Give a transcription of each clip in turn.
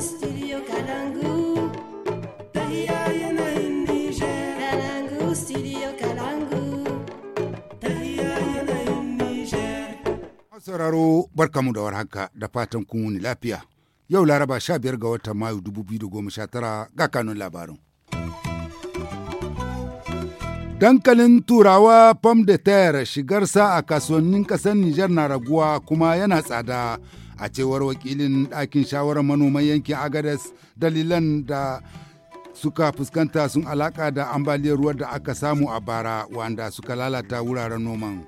studio studio Sauraro barkamu da warhaka da fatan kun wuni lafiya. Yau Laraba 15 ga watan Mayu tara ga kanun labarin. Dankalin turawa pom de terre shigarsa a kasuwannin kasar Nijar na raguwa kuma yana tsada. a cewar wakilin ɗakin shawarar manoman yankin agadas dalilan da suka fuskanta sun alaka da ambaliyar ruwa da aka samu a bara wanda suka lalata wuraren noman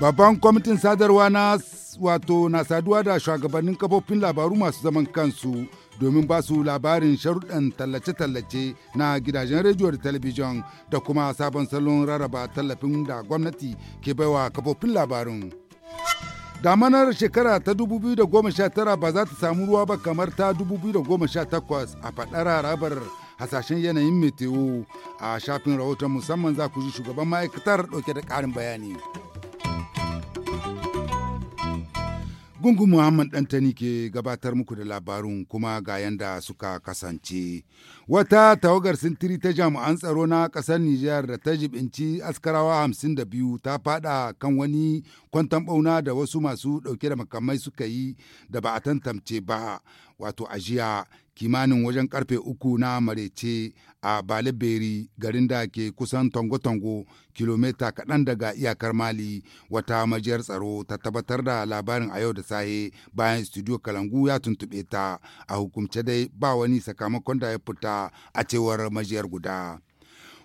babban kwamitin sadarwa na wato na saduwa da shugabannin kafofin labaru masu zaman kansu domin ba su labarin sharuɗan tallace-tallace na gidajen rediyo da talabijin da kuma sabon salon rarraba tallafin da gwamnati ke baiwa kafofin labarin. damanar shekara ta 2019 ba za ta samu ruwa ba kamar ta 2018 a faɗar harabar hasashen yanayin meteo a shafin rahoton musamman za ku ji shugaban ma'aikatar ɗauke da ƙarin bayani. Gungun Muhammad ɗantani ke gabatar muku da labarun kuma ga yanda suka kasance. Wata tawagar sintiri ta jami'an tsaro na ƙasar Nijar da ta jibinci askarawa hamsin da biyu ta fada kan wani kwantan bauna da wasu masu ɗauke da makamai suka yi da ba a tantance ba. wato ajiya kimanin wajen karfe uku na marece a baleberi garin da ke kusan tongo-tongo kilomita kaɗan daga iyakar mali wata majiyar tsaro ta tabbatar da labarin a yau da sahe bayan studio kalangu ya tuntube ta a hukumce dai ba wani sakamakon da ya fita a cewar majiyar guda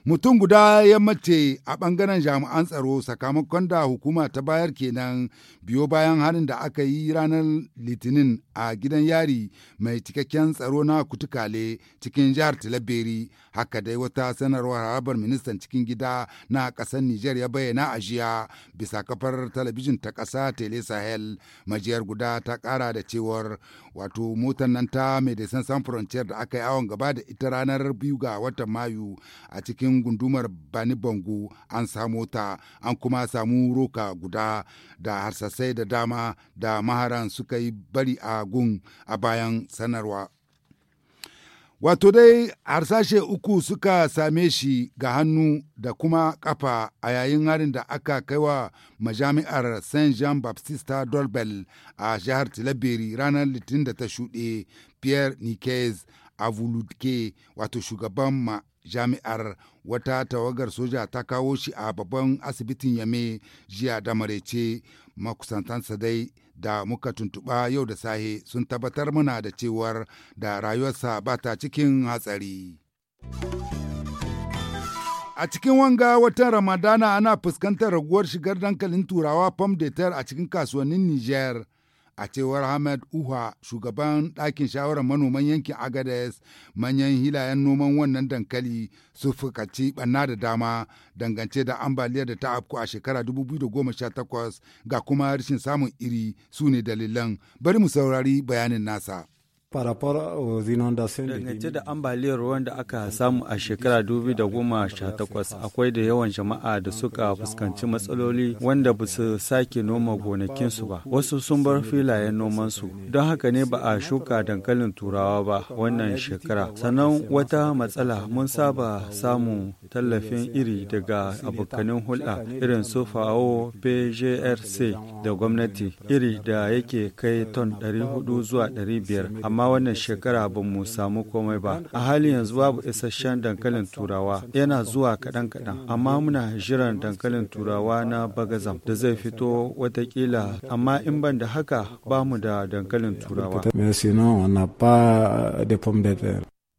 mutum guda ya mace a ɓangaren jami'an tsaro sakamakon da hukuma ta bayar kenan biyo bayan harin da aka yi ranar litinin a gidan yari mai cikakken tsaro na kutukale cikin jihar talabiri haka dai wata sanarwar harabar ministan cikin gida na ƙasar niger ya bayyana a jiya bisa kafar talabijin ta ƙasa tele sahel majiyar guda ta ƙara da cewar wato motar nan ta medecins sans frontier da aka yi awon gaba da ita ranar biyu ga watan mayu a cikin cikin gundumar bani bango an samo ta an kuma samu roka guda da harsasai da dama da maharan suka yi bari a gun a bayan sanarwa wato dai harsashe uku suka same shi ga hannu da kuma kafa a yayin harin da aka kaiwa majami'ar saint jean baptista dolbel a jihar tilabiri ranar litinin da ta shuɗe pierre nikes avuludke wato shugaban jami'ar wata tawagar soja ta kawo shi a babban asibitin yame jiya da marece makusantansa dai da muka tuntuɓa yau da sahe sun tabbatar mana da cewar da rayuwarsa ba ta cikin hatsari. A cikin wanga watan Ramadana ana fuskantar raguwar shigar dankalin turawa fam de a cikin kasuwannin niger. a cewar Ahmed Uha shugaban ɗakin shawarar manoman yankin Agades manyan hilayen noman wannan dankali su fukaci ɓanna da dama dangance da ambaliyar da ta afku a shekara 2018 ga kuma rashin samun iri su ne dalilan bari mu saurari bayanin nasa. Dangance da ambaliyar ruwan da aka samu a shekara sha 2018 akwai da yawan jama'a da suka fuskanci matsaloli wanda ba su sake noma gonakinsu ba. Wasu sun bar filayen nomansu. Don haka ne ba a shuka dankalin turawa ba wannan shekara. Sannan wata matsala mun saba samun tallafin iri daga abokanin hulɗa irin su FAO, PJRC da gwamnati iri da yake kai ton 400 zuwa 500 amma amma wannan shekara ba mu samu komai ba a halin yanzu babu isasshen dankalin turawa yana zuwa kaɗan kaɗan amma muna jiran dankalin turawa na bagazam da zai fito watakila amma in ban da haka ba mu da dankalin turawa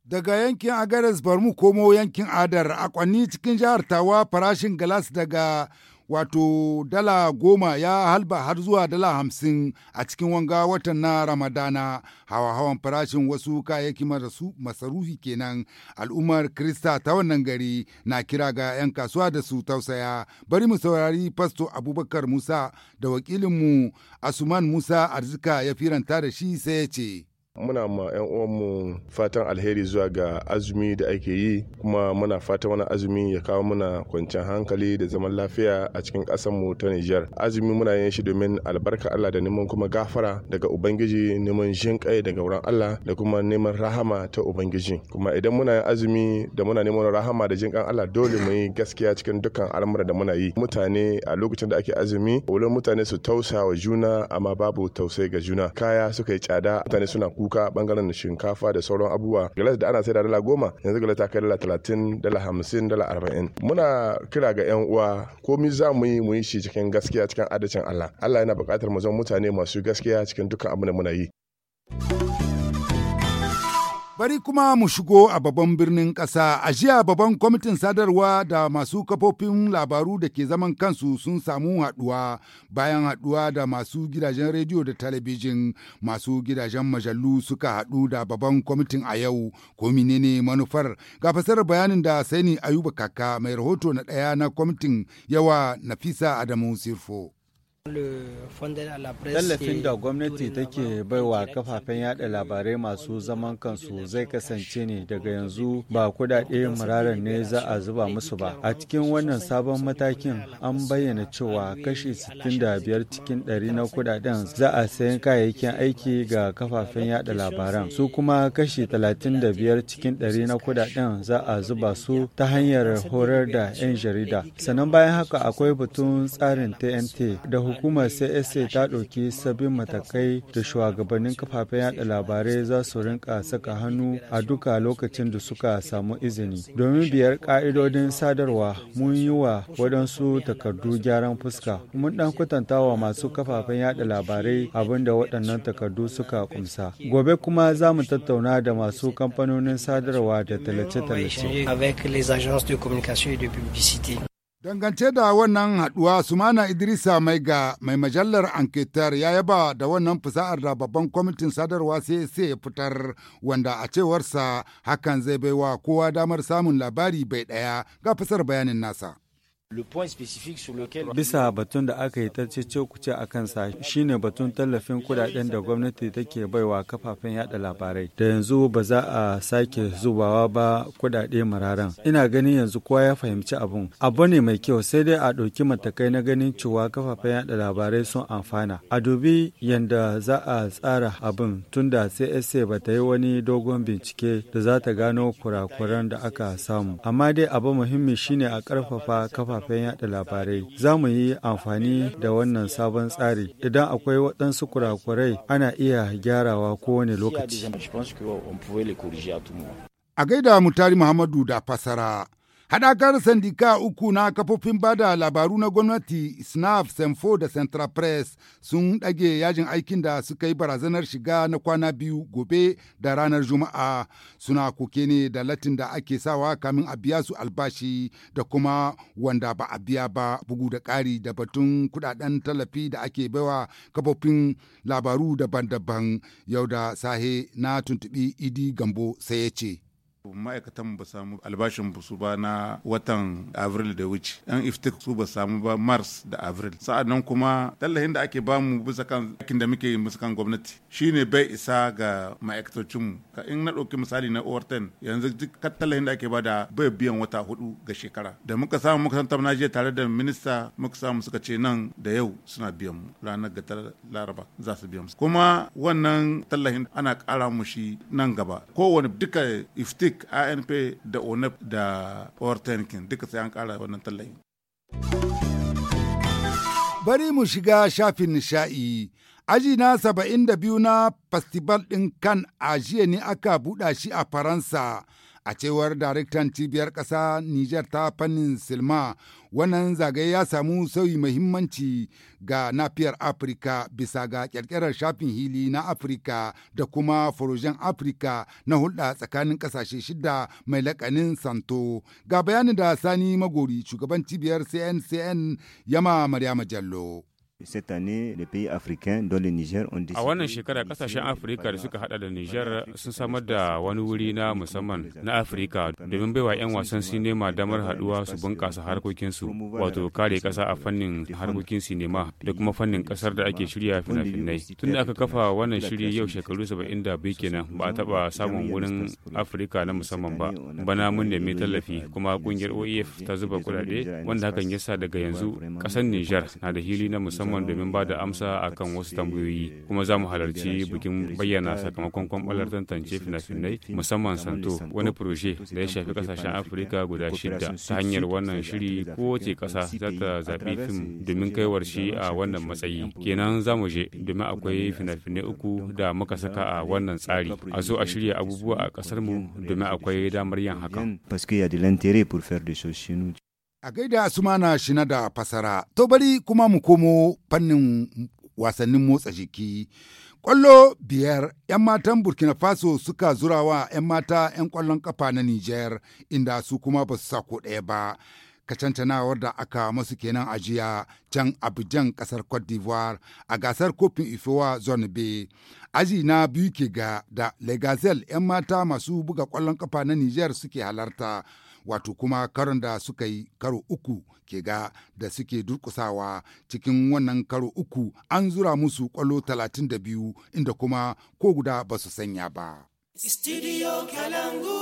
daga yankin agares barmu komo yankin adar a kwanni cikin jihar tawa farashin galas daga wato dala goma ya halba har zuwa dala hamsin a cikin wanga watan na ramadana hawa-hawan farashin wasu kayayyaki masarufi kenan al'ummar krista ta wannan gari na kira ga 'yan kasuwa da su tausaya bari mu saurari fasto abubakar musa da wakilinmu asuman musa arzika ya firanta da shi sai ya ce muna ma 'yan uwanmu fatan alheri zuwa ga azumi da ake yi kuma muna fatan wani azumi ya kawo muna kwanciyar hankali da zaman lafiya a cikin mu ta Nijar. Azumi muna yin shi domin albarka Allah da neman kuma gafara daga Ubangiji neman jin kai daga wurin Allah da kuma neman rahama ta Ubangiji. Kuma idan muna yin azumi da muna neman rahama da jin kan Allah dole mu yi gaskiya cikin dukkan al'amura da muna yi. Mutane a lokacin da ake azumi, wurin mutane su tausa wa juna amma babu tausayi ga juna. Kaya suka yi tsada, mutane suna kuka bangaren shinkafa da sauran abubuwa galas da ana sai da dala goma yanzu galas ta kai dala talatin dala hamsin dala arba'in muna kira ga yan uwa komi za mu yi mu yi shi cikin gaskiya cikin adacin allah allah yana buƙatar mu zama mutane masu gaskiya cikin dukkan abin da muna yi. Bari kuma mu shigo a babban birnin ƙasa, a jiya babban kwamitin sadarwa da masu kafofin labaru da ke zaman kansu sun samu haɗuwa bayan haɗuwa da masu gidajen rediyo da talabijin masu gidajen majallu suka haɗu da babban kwamitin a yau ko menene manufar ga fasar bayanin da Saini Ayuba Kaka mai rahoto na ɗaya na kwamitin yawa Nafisa Adamu Sirfo. Tallafin da gwamnati take baiwa kafafen yada labarai masu zaman kansu zai kasance ne daga yanzu ba kudade muraran ne za a zuba musu ba. A cikin wannan sabon matakin an bayyana cewa kashi 65 cikin 100 na kudaden za a sayan kayayyakin aiki ga kafafen yada labaran. Su kuma kashi 35 cikin 100 na kudaden za a zuba su ta hanyar horar da 'yan jarida. Sannan bayan haka akwai batun tsarin TNT da hukumar CSA ta ɗauki sabbin matakai da shugabannin kafafen yada labarai za su rinka saka hannu a duka lokacin da suka samu izini. Domin biyar ƙa'idodin sadarwa mun yi wa waɗansu takardu gyaran fuska. Mun ɗan kwatanta wa masu kafafen yada labarai abin da waɗannan takardu suka kumsa. Gobe kuma za mu tattauna da masu kamfanonin sadarwa da tallace-tallace. Dangance da wannan haɗuwa Sumana Idrisa mai ga mai majallar anketar ya yaba da wannan fasahar da babban kwamitin sadarwa sai ya fitar wanda a cewarsa hakan zai baiwa kowa damar samun labari bai ɗaya ga fasar bayanin nasa. Bisa batun da aka yi ta cece a kansa shine batun tallafin kudaden da gwamnati take baiwa kafafen yada labarai. Da yanzu ba za a sake zubawa ba kudade mararan. Ina ganin yanzu kowa ya fahimci abun. Abu ne mai kyau sai dai a ɗauki matakai na ganin cewa kafafen yada labarai sun amfana. A dubi yanda za a tsara abin tunda CSA ba ta yi wani dogon bincike da za ta gano kurakuran da aka samu. Amma dai abu muhimmi shine a ƙarfafa kafafen kafin yada labarai za mu yi amfani da wannan sabon tsari idan akwai waɗansu kurakurai ana iya gyarawa kowane lokaci a gaida mutari muhammadu da fasara Haɗakar sandika uku na kafofin bada labaru na gwamnati SNAF, Senfo da Central Press sun ɗage yajin aikin da suka yi barazanar shiga na kwana biyu gobe da ranar Juma'a suna koke ne da latin da ake sawa kamin a biya su albashi da kuma wanda ba a biya ba bugu da ƙari da batun kuɗaɗen tallafi da ake baiwa kafofin labaru daban-daban yau da sahe na tuntubi Idi Gambo sai ya ce. ma'aikatan ba samu albashin su ba na watan avril da wuce yan iftik su ba samu ba mars da avril nan kuma tallahin da ake bamu bisa kan aikin da muke musu kan gwamnati shine bai isa ga mu. ka in na ɗauki misali na overton yanzu duk tallahin da ake ba da. bai biyan wata hudu ga shekara da muka samu muka san tabna jiya tare da minista muka samu suka ce nan da yau suna biyan mu ranar ga laraba za su biyan mu kuma wannan tallahin ana kara mu shi nan gaba kowane duka iftik duk anp da onep da powertenkin duka sai an kara wannan tallayin. bari mu shiga shafin nishaɗi aji na saba'in da biyu na festival ɗin kan a jiya ne aka buɗa shi a faransa a cewar daraktan cibiyar ƙasa Nijar ta fannin silma wannan zagaye ya samu sauyi mahimmanci ga nafiyar afirka bisa ga ƙirƙirar shafin hili na afirka da kuma furojen afirka na hulɗa tsakanin ƙasashe shida mai laƙanin santo ga bayanin da sani magori shugaban cibiyar cncn yama maryama jallo A wannan shekara kasashen Afirka da suka hada da Nijar sun samar da wani wuri na musamman na Afirka domin baiwa 'yan wasan sinema damar haduwa su bunkasa harkokinsu wato kare kasa a fannin harkokin sinema da kuma fannin kasar da ake shirya fina-finai. Tun da aka kafa wannan shiri yau shekaru saba'in da biyu kenan ba a taba samun wurin Afirka na musamman ba. Bana mun nemi tallafi kuma kungiyar OEF ta zuba kudade wanda hakan yasa daga yanzu ƙasar Nijar na da hili na musamman musamman domin ba da amsa a kan wasu tambayoyi kuma za mu halarci bikin bayyana sakamakon kwamfalar tantance fina-finai musamman santo wani furoshe da ya shafi kasashen afirka guda shida ta hanyar wannan shiri kowace kasa za ta zaɓi fim domin kaiwar shi a wannan matsayi kenan za mu je domin akwai fina-finai uku da muka saka a wannan tsari a zo a shirya abubuwa a kasar mu domin akwai damar yin hakan A gaida Asumana Shina da fasara, to bari kuma mu komo fannin wasannin motsa jiki. Ƙwallo biyar 'yan matan Burkina Faso suka zura wa 'yan mata 'yan kwallon kafa na Nijar inda su kuma ba su sako ɗaya ba. ka kacancanawar da aka masu kenan a jiya can abidjan kasar cote d'ivoire a gasar kofin ifowa zone b aji na biyu ke ga da legazel 'yan mata masu buga kwallon kafa na niger suke halarta wato kuma karon da suka yi karo uku ke ga da suke durkusawa cikin wannan karo uku an zura musu kwallo talatin da biyu inda kuma ko guda ba su sanya ba. Studio Kalangu.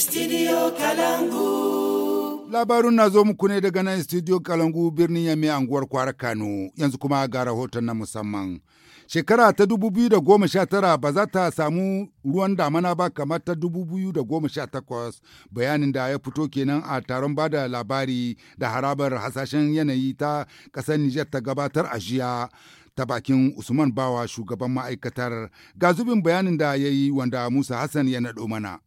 Studio Kalangu. Labarun na zo muku ne daga nan Studio Kalangu birnin Yami anguwar kwara Kano yanzu kuma ga rahoton na musamman. Shekara ta 2019 ba za ta samu ruwan damana ba kamar ta 2018 bayanin da ya fito kenan a taron bada labari da harabar hasashen yanayi ta ƙasar Nijar ta gabatar a jiya. ta bakin Usman Bawa shugaban ma'aikatar ga zubin bayanin da ya yi wanda Musa Hassan ya naɗo mana.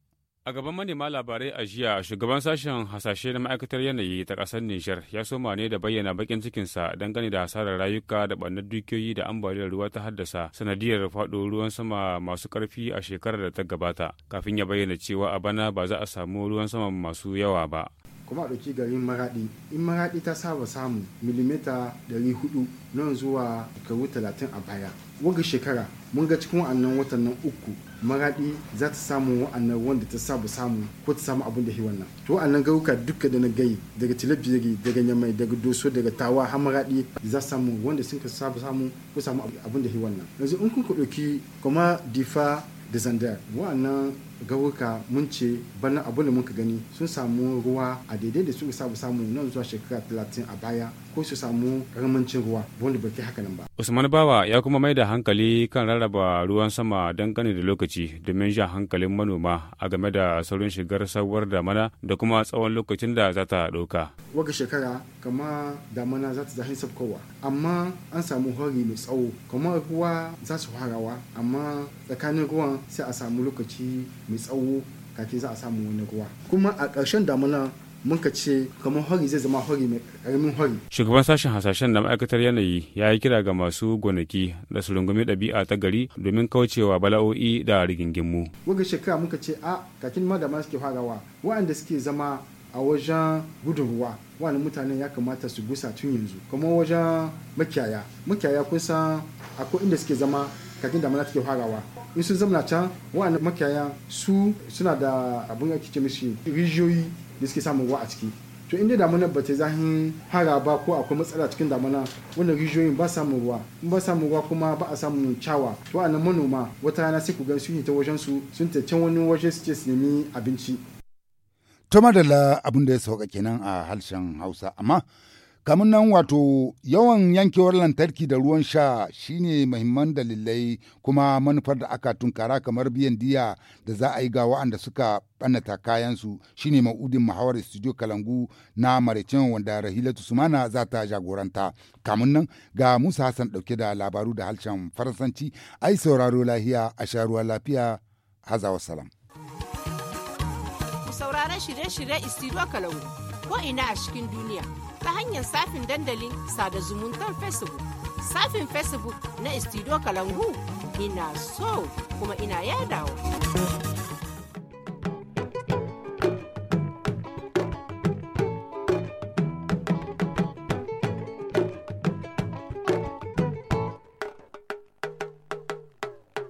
A gaban manema labarai a jiya shugaban sashen hasashe na ma'aikatar yanayi ta ƙasar Nijar ya soma ne da bayyana bakin cikinsa dangane da hasarar rayuka da ɓannar dukiyoyi da ambaliyar ruwa ta haddasa sanadiyar faɗo ruwan sama masu ƙarfi a shekarar da ta gabata kafin ya bayyana cewa a bana ba za a samu ruwan sama masu yawa ba. kuma a ɗauki garin maraɗi in maraɗi ta saba samu milimita hudu nan zuwa shekaru talatin a baya waga shekara mun ga cikin wa'annan watannin uku magadi za ta samu wa'annan wanda ta sabu samu ko ta samu abin da shi wannan to wa'annan garuka duka da na gai daga tilabiyari daga nyamai daga doso daga tawa har magadi za ta samu wanda sun ka sabu samu ko samu abin da shi wannan yanzu in kun ku ɗauki kuma difa da zandar wa'annan gauka mun ce bana abin da muka gani sun samu ruwa a daidai da suka sabu samu nan zuwa shekara talatin a baya ko su samu ramancin ruwa wanda baki ke haka nan ba. Usman Bawa ya kuma mai da hankali kan rarraba ruwan sama dangane da lokaci domin jan hankalin manoma a game da saurin shigar sabuwar damana da kuma tsawon lokacin da za ta ɗauka. Waga shekara kama damana za ta zahin sabkowa amma an samu hori mai tsawo kama ruwa za su harawa amma tsakanin ruwan sai a samu lokaci mai tsawo kake za a samu wani ruwa. Kuma a ƙarshen damana mun ka ce kamar hori zai zama hori mai karamin hori. Shugaban sashen hasashen na ma'aikatar yanayi ya yi kira ga masu gonaki da su rungumi ɗabi'a ta gari domin kaucewa bala'o'i da rigingimu. wurin shekara muka ce a kakin ma suke farawa waɗanda suke zama a wajen gudun ruwa wani mutanen ya kamata su gusa tun yanzu kamar wajen makiyaya makiyaya kusan akwai inda suke zama kakin damana suke farawa in sun zama can wa'annan makiyaya su suna da abin ake ce mishi rijiyoyi da suke samun ruwa a ciki to inda damuna ba ta zahin hara ba ko akwai matsala cikin damuna wannan rijiyoyin ba samun ruwa in ba samun ruwa kuma ba a samun cawa to a nan manoma wata rana sai ku ga sun ta wajen su sun ta can wani waje su ce su nemi abinci. to madalla abin da ya sauka kenan a harshen hausa amma kamun nan wato yawan yankewar lantarki da ruwan sha shine mahimman dalilai kuma manufar da aka tunkara kamar biyan diya da za a yi ga wa'anda suka ɓannata kayansu shine ma'udin mahawar studio kalangu na maraicen wanda rahilatu sumana za ta jagoranta kamun nan ga musa hassan ɗauke da labaru da harshen faransanci ai sauraro lahiya a sharuwa lafiya hazawa salam sauraron shirye-shirye istiro kalangu ko ina a cikin duniya ta hanyar safin dandalin sada zumuntar facebook safin facebook na istido kalangu ina so kuma ina yadawa.